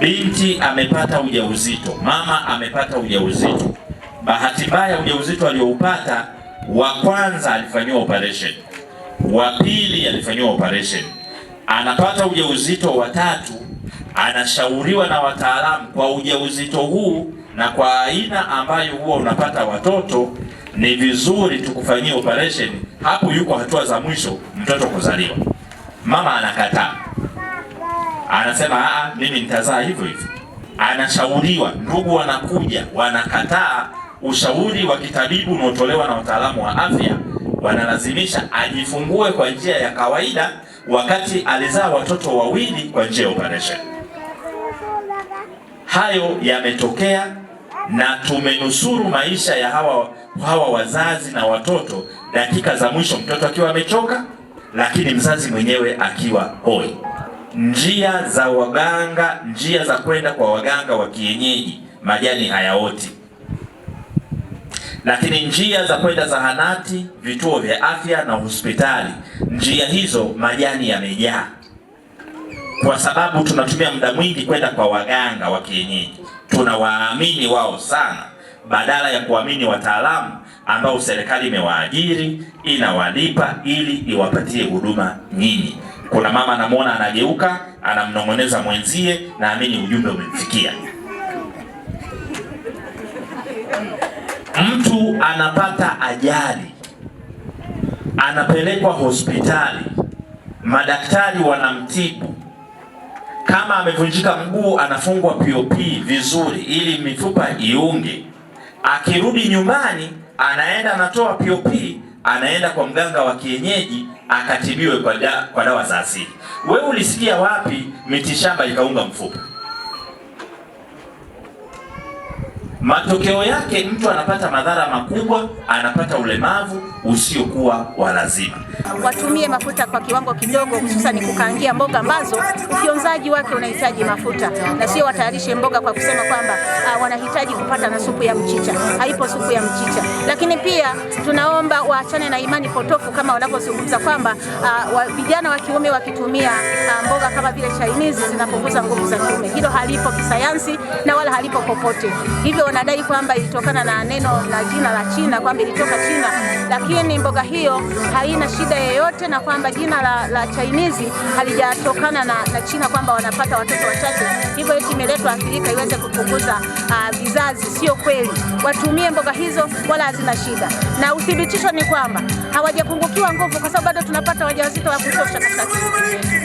binti amepata ujauzito, mama amepata ujauzito. Bahati mbaya ujauzito alioupata wa kwanza alifanyiwa operation, wa pili alifanyiwa operation, anapata ujauzito wa tatu, anashauriwa na wataalamu kwa ujauzito huu na kwa aina ambayo huwa unapata watoto ni vizuri tukufanyie operation. Hapo yuko hatua za mwisho mtoto kuzaliwa, mama anakataa anasema a, ah, ah, mimi nitazaa hivyo hivyo. Anashauriwa, ndugu wanakuja wanakataa ushauri wa kitabibu unaotolewa na wataalamu wa afya, wanalazimisha ajifungue kwa njia ya kawaida, wakati alizaa watoto wawili kwa njia ya operation. Hayo yametokea na tumenusuru maisha ya hawa, hawa wazazi na watoto dakika za mwisho, mtoto akiwa amechoka, lakini mzazi mwenyewe akiwa hoi njia za waganga, njia za kwenda kwa waganga wa kienyeji, majani hayaoti. Lakini njia za kwenda zahanati, vituo vya afya na hospitali, njia hizo majani yamejaa, kwa sababu tunatumia muda mwingi kwenda kwa waganga wa kienyeji. Tunawaamini wao sana, badala ya kuamini wataalamu ambao serikali imewaajiri inawalipa ili iwapatie huduma nyingi. Kuna mama anamwona anageuka, anamnong'oneza mwenzie, naamini ujumbe umemfikia. Mtu anapata ajali, anapelekwa hospitali, madaktari wanamtibu. Kama amevunjika mguu, anafungwa POP vizuri, ili mifupa iunge. Akirudi nyumbani, anaenda anatoa POP anaenda kwa mganga wa kienyeji akatibiwe kwa, da, kwa dawa za asili. Wewe ulisikia wapi mitishamba ikaunga mfupa? Matokeo yake mtu anapata madhara makubwa, anapata ulemavu usiokuwa wa lazima. Watumie mafuta kwa kiwango kidogo, hususani kukaangia mboga ambazo ufyonzaji wake unahitaji mafuta, na sio watayarishe mboga kwa kusema kwamba uh, wanahitaji kupata na supu ya mchicha. Haipo supu ya mchicha. Lakini pia tunaomba waachane na imani potofu kama wanavyozungumza kwamba ah, vijana uh, wa kiume wakitumia uh, mboga kama vile chainizi zinapunguza nguvu za kiume. Hilo halipo kisayansi na wala halipo popote. Hivyo wanadai kwamba ilitokana na neno la jina la China, kwamba ilitoka China, lakini mboga hiyo haina shida yoyote, na kwamba jina la, la Chinese halijatokana na, na China, kwamba wanapata watoto wachache, hivyo eti imeletwa Afrika iweze kupunguza uh, vizazi. Sio kweli, watumie mboga hizo, wala hazina shida, na uthibitisho ni kwamba hawajapungukiwa nguvu, kwa sababu bado tunapata wajawazito wa kutosha katika